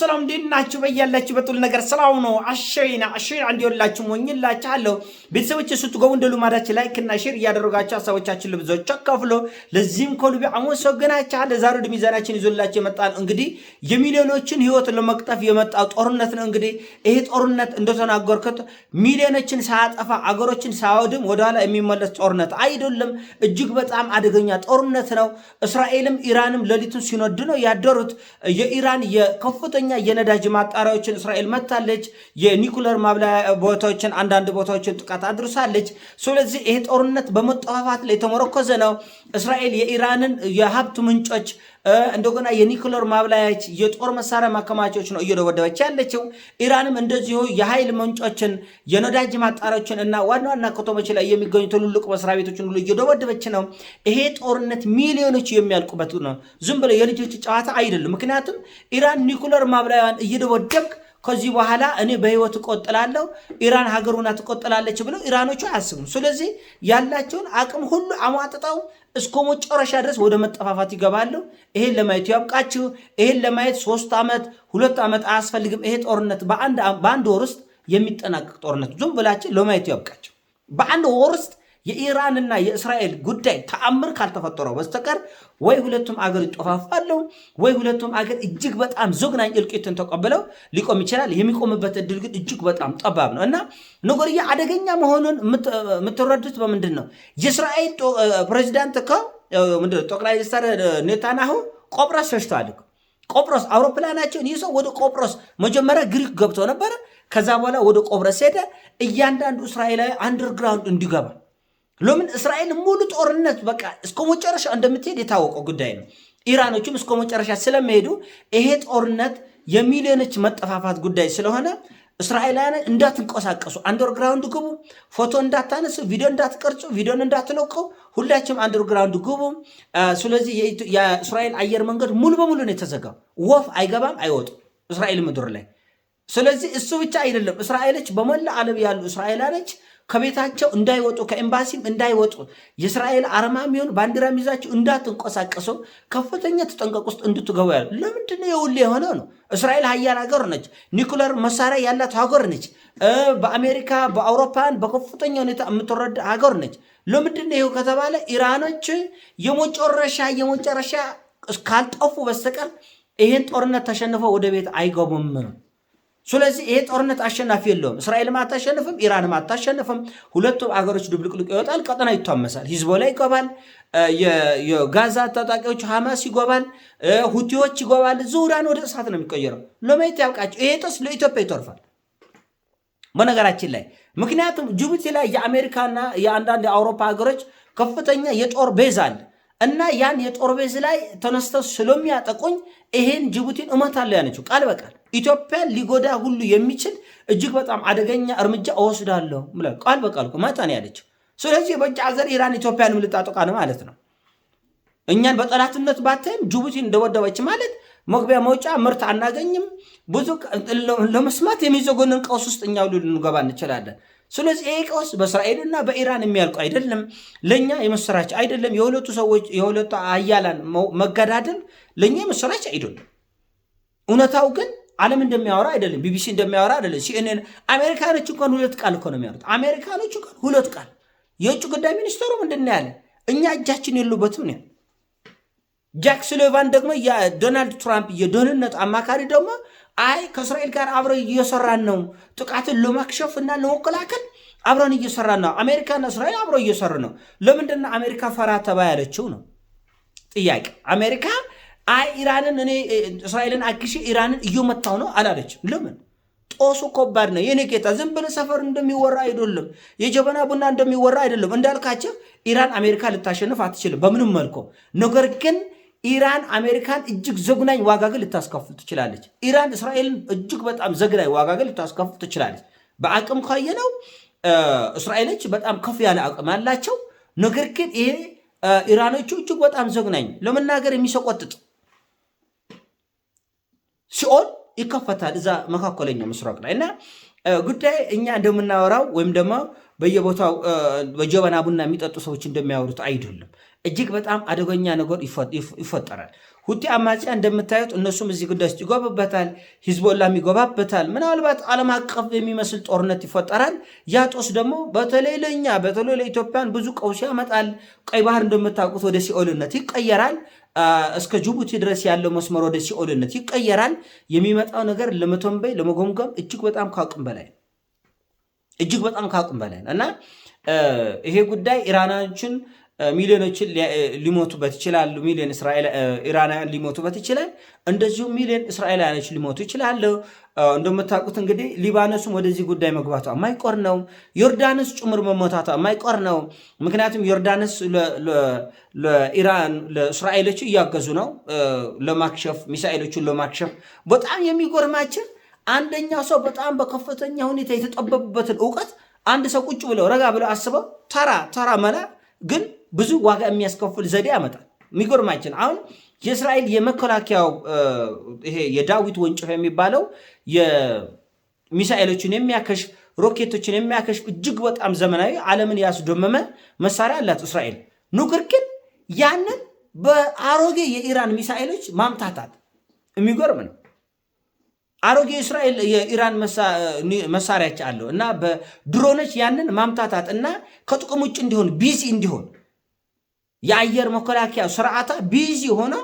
ሰላም እንዴት ናችሁ? በያላችሁበት ሁሉ ነገር ሰላም ነው። አሸይና አሸይና እንዲሆንላችሁ ሞኝላችኋለሁ። ቤተሰቦች ስትገቡ እንደ ላይክ እና ሼር እያደረጋችሁ ሀሳቦቻችን ለብዙዎች አካፍሎ ለዚህም ከልቤ አመሰግናችኋለሁ። ዛሬ ወደ ሚዛናችን ይዞላችሁ የመጣን እንግዲህ የሚሊዮኖችን ህይወት ለመቅጠፍ የመጣ ጦርነት ነው። እንግዲህ ይሄ ጦርነት እንደተናገርኩት ሚሊዮኖችን ሳያጠፋ አገሮችን ሳያወድም ወደኋላ የሚመለስ ጦርነት አይደለም። እጅግ በጣም አደገኛ ጦርነት ነው። እስራኤልም ኢራንም ሌሊቱን ሲነዱ ነው ያደሩት። የኢራን የከፍተኛ ከፍተኛ የነዳጅ ማጣሪያዎችን እስራኤል መታለች። የኒኩለር ማብላያ ቦታዎችን፣ አንዳንድ ቦታዎችን ጥቃት አድርሳለች። ስለዚህ ይሄ ጦርነት በመጠፋፋት ላይ የተመረኮዘ ነው። እስራኤል የኢራንን የሀብት ምንጮች እንደገና የኒክለር ማብላያች፣ የጦር መሳሪያ ማከማቻዎች ነው እየደበደበች ያለችው። ኢራንም እንደዚሁ የኃይል ምንጮችን፣ የነዳጅ ማጣሪያዎችን እና ዋና ዋና ከተሞች ላይ የሚገኙ ትልልቅ መስሪያ ቤቶችን ሁሉ እየደበደበች ነው። ይሄ ጦርነት ሚሊዮኖች የሚያልቁበት ነው። ዝም ብለው የልጆች ጨዋታ አይደለም። ምክንያቱም ኢራን ኒክለር ማብላያን እየደበደብክ ከዚህ በኋላ እኔ በህይወት እቆጥላለሁ ኢራን ሀገሩና ትቆጥላለች ብለው ኢራኖቹ አያስቡም። ስለዚህ ያላቸውን አቅም ሁሉ አሟጥጠው እስከ መጨረሻ ድረስ ወደ መጠፋፋት ይገባሉ። ይሄን ለማየት ያብቃችሁ። ይሄን ለማየት ሶስት ዓመት ሁለት ዓመት አያስፈልግም። ይሄ ጦርነት በአንድ ወር ውስጥ የሚጠናቀቅ ጦርነት ዝም ብላችሁ ለማየት ያብቃችሁ። በአንድ ወር ውስጥ የኢራንና የእስራኤል ጉዳይ ተአምር ካልተፈጠረው በስተቀር ወይ ሁለቱም አገር ይጠፋፋሉ፣ ወይ ሁለቱም አገር እጅግ በጣም ዘግናኝ እልቂትን ተቀብለው ሊቆም ይችላል። የሚቆምበት እድል ግን እጅግ በጣም ጠባብ ነው እና ነገርዬ አደገኛ መሆኑን የምትረዱት በምንድን ነው? የእስራኤል ፕሬዚዳንት እኮ ጠቅላይ ሚኒስትር ኔታንያሁ ቆጵሮስ ሸሽተዋል። ቆጵሮስ አውሮፕላናቸውን ይዞ ወደ ቆጵሮስ መጀመሪያ ግሪክ ገብቶ ነበረ። ከዛ በኋላ ወደ ቆጵሮስ ሄደ። እያንዳንዱ እስራኤላዊ አንደርግራውንድ እንዲገባ ለምን እስራኤል ሙሉ ጦርነት በቃ እስከ መጨረሻ እንደምትሄድ የታወቀው ጉዳይ ነው። ኢራኖችም እስከ መጨረሻ ስለሚሄዱ ይሄ ጦርነት የሚሊዮኖች መጠፋፋት ጉዳይ ስለሆነ እስራኤላውያን እንዳትንቀሳቀሱ፣ አንደርግራውንድ ግቡ፣ ፎቶ እንዳታነሱ፣ ቪዲዮ እንዳትቀርጹ፣ ቪዲዮን እንዳትለቁ፣ ሁላችሁም አንደርግራውንድ ግቡ። ስለዚህ የእስራኤል አየር መንገድ ሙሉ በሙሉ ነው የተዘጋው። ወፍ አይገባም አይወጡም እስራኤል ምድር ላይ። ስለዚህ እሱ ብቻ አይደለም፣ እስራኤሎች በመላ ዓለም ያሉ እስራኤላውያኖች ከቤታቸው እንዳይወጡ ከኤምባሲም እንዳይወጡ የእስራኤል አርማ የሚሆን ባንዲራ ይዛችሁ እንዳትንቀሳቀሱ ከፍተኛ ተጠንቀቅ ውስጥ እንድትገቡ ያሉ። ለምንድነው የውል የሆነው ነው? እስራኤል ሀያል ሀገር ነች። ኒኩለር መሳሪያ ያላት ሀገር ነች። በአሜሪካ በአውሮፓን በከፍተኛ ሁኔታ የምትረዳ ሀገር ነች። ለምንድነው ይሄው ከተባለ ኢራኖች የመጨረሻ የመጨረሻ ካልጠፉ በስተቀር ይህን ጦርነት ተሸንፈው ወደ ቤት አይገቡም። ስለዚህ ይሄ ጦርነት አሸናፊ የለውም። እስራኤልም አታሸንፍም፣ ኢራንም አታሸንፍም። ሁለቱም አገሮች ድብልቅልቅ ይወጣል፣ ቀጠና ይቷመሳል። ሂዝቦላ ይገባል፣ የጋዛ ታጣቂዎች ሐማስ ይጎባል፣ ሁቲዎች ይጎባል። ዙሪያን ወደ እሳት ነው የሚቀየረው። ለማየት ያብቃቸው። ይሄ ጦስ ለኢትዮጵያ ይተርፋል። በነገራችን ላይ ምክንያቱም ጅቡቲ ላይ የአሜሪካና የአንዳንድ የአውሮፓ ሀገሮች ከፍተኛ የጦር ቤዝ አለ እና ያን የጦር ቤዝ ላይ ተነስተው ስለሚያጠቁኝ ይሄን ጅቡቲን እመታለሁ ያለችው ቃል በቃል ኢትዮጵያን ሊጎዳ ሁሉ የሚችል እጅግ በጣም አደገኛ እርምጃ እወስዳለሁ ቃል በቃል መጣ ነው ያለችው። ስለዚህ በእጅ አዘር ኢራን ኢትዮጵያን ምልጣጠቃ ነው ማለት ነው። እኛን በጠላትነት ባታይም ጅቡቲ እንደወደበች ማለት መግቢያ መውጫ ምርት አናገኝም። ብዙ ለመስማት የሚዘጎንን ቀውስ ውስጥ እኛ ሁሉ ልንገባ እንችላለን። ስለዚህ ይሄ ቀውስ በእስራኤልና በኢራን የሚያልቁ አይደለም፣ ለእኛ የምስራች አይደለም። የሁለቱ ሰዎች የሁለቱ አያላን መገዳደል ለእኛ የምስራች አይደለም። እውነታው ግን ዓለም እንደሚያወራ አይደለም፣ ቢቢሲ እንደሚያወራ አይደለም፣ ሲኤንኤን አሜሪካኖች እንኳን ሁለት ቃል እኮ ነው የሚያወሩት። አሜሪካኖች እንኳን ሁለት ቃል የውጭ ጉዳይ ሚኒስትሩ ምንድን ያለ እኛ እጃችን የሉበትም ነው። ጃክ ሱሊቫን ደግሞ የዶናልድ ትራምፕ የደህንነት አማካሪ ደግሞ አይ ከእስራኤል ጋር አብረን እየሰራን ነው፣ ጥቃትን ለማክሸፍ እና ለመከላከል አብረን እየሰራን ነው። አሜሪካና እስራኤል አብረው እየሰሩ ነው። ለምንድነው አሜሪካ ፈራ ተባ ያለችው ነው ጥያቄ አሜሪካ አይ ኢራንን እኔ እስራኤልን አግሼ ኢራንን እየመታው ነው አላለችም። ለምን? ጦሱ ከባድ ነው የኔ ጌታ። ዝም ብለን ሰፈር እንደሚወራ አይደለም፣ የጀበና ቡና እንደሚወራ አይደለም። እንዳልካቸው ኢራን አሜሪካ ልታሸንፍ አትችልም በምንም መልኩ። ነገር ግን ኢራን አሜሪካን እጅግ ዘግናኝ ዋጋ ግን ልታስከፍል ትችላለች። ኢራን እስራኤልን እጅግ በጣም ዘግናኝ ዋጋ ግን ልታስከፍል ትችላለች። በአቅም ካየነው እስራኤሎች በጣም ከፍ ያለ አቅም አላቸው። ነገር ግን ይሄ ኢራኖቹ እጅግ በጣም ዘግናኝ ለመናገር የሚሰቆጥጥ ሲኦል ይከፈታል እዛ መካከለኛው ምስራቅ ላይ እና ጉዳይ እኛ እንደምናወራው ወይም ደግሞ በየቦታው በጀበና ቡና የሚጠጡ ሰዎች እንደሚያወሩት አይደለም። እጅግ በጣም አደገኛ ነገር ይፈጠራል። ሁቲ አማጺያ እንደምታዩት እነሱም እዚህ ጉዳይ ውስጥ ይጎብበታል፣ ሂዝቦላም ይገባበታል። ምናልባት ዓለም አቀፍ የሚመስል ጦርነት ይፈጠራል። ያ ጦስ ደግሞ በተለይ ለእኛ በተለይ ለኢትዮጵያን ብዙ ቀውስ ያመጣል። ቀይ ባህር እንደምታውቁት ወደ ሲኦልነት ይቀየራል። እስከ ጅቡቲ ድረስ ያለው መስመር ወደ ሲኦልነት ይቀየራል። የሚመጣው ነገር ለመተንበይ ለመጎምጎም እጅግ በጣም ከአቅም በላይ እጅግ በጣም ከአቅም በላይ እና ይሄ ጉዳይ ኢራናችን ሚሊዮኖችን ሊሞቱበት ይችላሉ። ሚሊዮን ኢራናውያን ሊሞቱበት ይችላል። እንደዚሁም ሚሊዮን እስራኤላውያኖች ሊሞቱ ይችላሉ። እንደምታውቁት እንግዲህ ሊባኖስም ወደዚህ ጉዳይ መግባቷ የማይቆር ነው። ዮርዳኖስ ጭምር መሞታቷ የማይቆር ነው። ምክንያቱም ዮርዳኖስ ለኢራን ለእስራኤሎቹ እያገዙ ነው፣ ለማክሸፍ ሚሳኤሎችን ለማክሸፍ በጣም የሚጎርማችን አንደኛው ሰው በጣም በከፍተኛ ሁኔታ የተጠበቡበትን እውቀት አንድ ሰው ቁጭ ብለው ረጋ ብለው አስበው ተራ ተራ መላ ግን ብዙ ዋጋ የሚያስከፍል ዘዴ ያመጣል። የሚገርማችን አሁን የእስራኤል የመከላከያው ይሄ የዳዊት ወንጭፍ የሚባለው የሚሳኤሎችን የሚያከሽ ሮኬቶችን የሚያከሽ እጅግ በጣም ዘመናዊ ዓለምን ያስደመመ መሳሪያ አላት እስራኤል። ኑክር ግን ያንን በአሮጌ የኢራን ሚሳኤሎች ማምታታት የሚጎርም ነው። አሮጌ እስራኤል የኢራን መሳሪያች አለው እና በድሮኖች ያንን ማምታታት እና ከጥቅም ውጭ እንዲሆን ቢዚ እንዲሆን የአየር መከላከያ ስርዓታ ቢዚ ሆኖ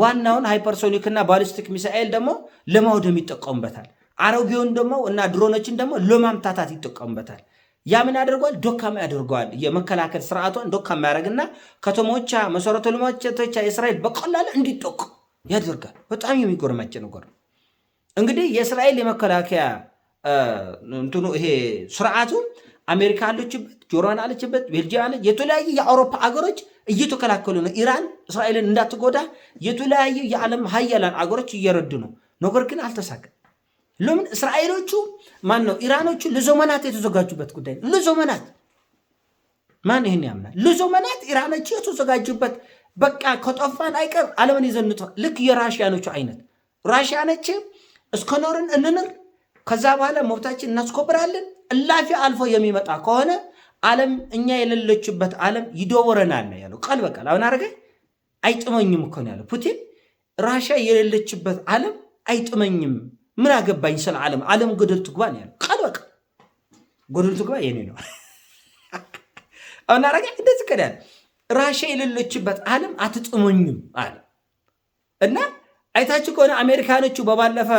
ዋናውን ሃይፐርሶኒክ ባሊስቲክ ሚሳኤል ደግሞ ለማውደም ይጠቀሙበታል። አሮጌውን ደግሞ እና ድሮኖችን ደግሞ ለማምታታት ይጠቀሙበታል። ያ ምን ያደርገዋል? ዶካም ያደርገዋል። የመከላከል ስርዓቷን ዶካማ ያደርግና ከተሞቻ መሰረተ ልማቶቻ የእስራኤል በቀላሉ እንዲጠቁ ያደርጋል። በጣም የሚጎርመች ነገር ነው። እንግዲህ የእስራኤል የመከላከያ እንትኑ ይሄ ስርዓቱ አሜሪካ አለችበት፣ ጆርዳን አለችበት፣ ቤልጂያ አለች። የተለያዩ የአውሮፓ አገሮች እየተከላከሉ ነው። ኢራን እስራኤልን እንዳትጎዳ የተለያዩ የዓለም ሀያላን አገሮች እየረዱ ነው። ነገር ግን አልተሳካም። ለምን? እስራኤሎቹ ማን ነው ኢራኖቹ ለዘመናት የተዘጋጁበት ጉዳይ ነው። ለዘመናት ማን ይህን ያምናል? ለዘመናት ኢራኖች የተዘጋጁበት በቃ ከጠፋን አይቀር ዓለምን ይዘንቷል። ልክ የራሽያኖቹ አይነት ራሽያኖች እስከኖርን እንንር፣ ከዛ በኋላ መብታችን እናስከብራለን እላፊ አልፎ የሚመጣ ከሆነ ዓለም እኛ የሌለችበት ዓለም ይደወረናል ነው ያለው። ቃል በቃል አሁን አረገ አይጥመኝም እኮ ነው ያለው ፑቲን። ራሽያ የሌለችበት ዓለም አይጥመኝም። ምን አገባኝ ስለ ዓለም፣ ዓለም ገደል ትግባ ነው ያለው። ቃል በቃል ገደል ትግባ የኔ ነው። አሁን አረገ እንደዚህ ከዳል ራሽያ የሌለችበት ዓለም አትጥመኝም አለ እና አይታችሁ ከሆነ አሜሪካኖቹ በባለፈ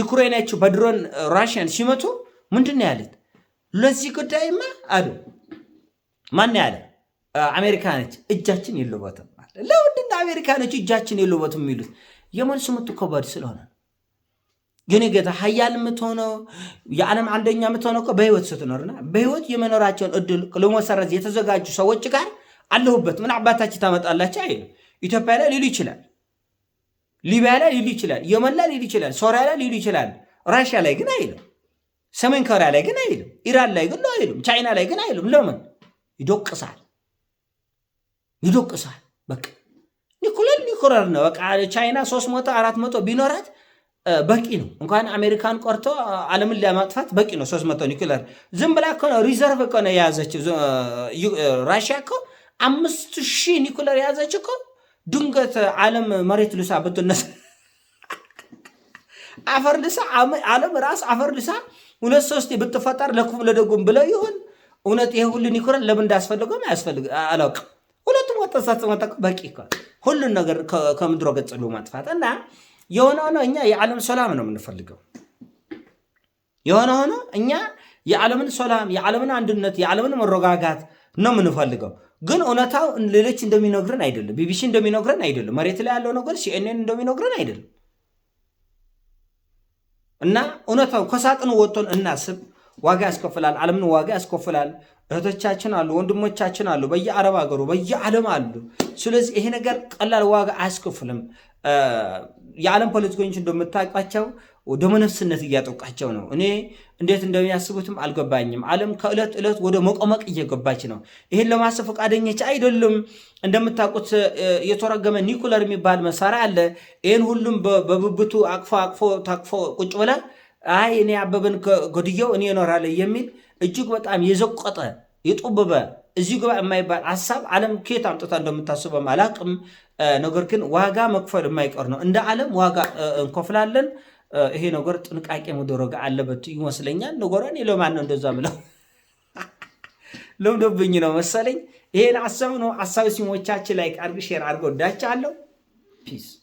ዩክሬናችሁ በድሮን ራሽያን ሲመቱ ምንድን ነው ያለት? ለዚህ ጉዳይማ አሉ ማን ያለ አሜሪካኖች እጃችን የለበትም። ለምንድን አሜሪካኖች እጃችን የለበትም የሚሉት? የመን ስምት ስለሆነ ግን ጌታ ሀያል የምትሆነው የዓለም አንደኛ የምትሆነው በህይወት ስትኖርና በህይወት የመኖራቸውን እድል ለመሰረዝ የተዘጋጁ ሰዎች ጋር አለሁበት ምን አባታች ታመጣላቸው አይ ኢትዮጵያ ላይ ሊሉ ይችላል፣ ሊቢያ ላይ ሊሉ ይችላል፣ የመን ላይ ሊሉ ይችላል፣ ሶሪያ ላይ ሊሉ ይችላል፣ ራሽያ ላይ ግን አይሉ ሰሜን ኮሪያ ላይ ግን አይልም። ኢራን ላይ ግን አይልም። ቻይና ላይ ግን አይልም። ለምን? ይዶቅሳል ይዶቅሳል። በቃ ኒኩለር ኒኩለር ነው። በቃ ቻይና ሶስት መቶ አራት መቶ ቢኖራት በቂ ነው። እንኳን አሜሪካን ቆርቶ ዓለምን ለማጥፋት በቂ ነው። ሶስት መቶ ኒኩለር ዝም ብላ እኮ ነው ሪዘርቭ እኮ ነው የያዘችው። ራሽያ እኮ አምስት ሺህ ኒኩለር የያዘች እኮ ድንገት ዓለም መሬት ልሳ ብትነሳ አፈር ልሳ ዓለም ራስ አፈር ልሳ ሁለት ሶስት ብትፈጠር ለክፉም ለደጉም ብለ ይሆን እውነት ይሄ ሁሉን ይኩረን ለምን እንዳስፈልገውም አያስፈልግ አላውቅም። ሁለቱም ወተሳጽመ በቂ ሁሉን ነገር ከምድሮ ገጽ ሁሉ ማጥፋት እና የሆነ ሆነ እኛ የዓለም ሰላም ነው የምንፈልገው። የሆነ ሆነ እኛ የዓለምን ሰላም፣ የዓለምን አንድነት፣ የዓለምን መረጋጋት ነው የምንፈልገው። ግን እውነታው ሌሎች እንደሚነግረን አይደለም፣ ቢቢሲ እንደሚነግረን አይደለም፣ መሬት ላይ ያለው ነገር ሲኤንኤን እንደሚነግረን አይደለም። እና እውነታው ከሳጥኑ ወጥቶን እናስብ። ዋጋ ያስከፍላል። ዓለምን ዋጋ ያስከፍላል። እህቶቻችን አሉ፣ ወንድሞቻችን አሉ፣ በየአረብ ሀገሩ በየዓለም አሉ። ስለዚህ ይሄ ነገር ቀላል ዋጋ አያስከፍልም። የዓለም ፖለቲከኞች እንደምታውቋቸው መነስነት እያጠቃቸው ነው። እኔ እንዴት እንደሚያስቡትም አልገባኝም። ዓለም ከዕለት ዕለት ወደ መቆመቅ እየገባች ነው። ይህን ለማሰብ ፈቃደኞች አይደሉም። እንደምታውቁት የተረገመ ኒኩለር የሚባል መሳሪያ አለ። ይህን ሁሉም በብብቱ አቅፎ አቅፎ ታቅፎ ቁጭ ብለ አይ እኔ አበበን ጎድየው እኔ እኖራለሁ የሚል እጅግ በጣም የዘቆጠ የጡብበ እዚሁ ግባ የማይባል ሀሳብ ዓለም ከየት አምጥታ እንደምታስበው አላቅም። ነገር ግን ዋጋ መክፈል የማይቀር ነው። እንደ ዓለም ዋጋ እንከፍላለን። ይሄ ነገር ጥንቃቄ መደረግ አለበት ይመስለኛል። ነገሯን ለማን ነው እንደዛ ምለው ለምዶብኝ ነው መሰለኝ። ይሄን ሀሳብ ነው ሀሳብ ሲሞቻችን ላይ አድርግ ሼር አድርገው እንዳቻ አለው ፒስ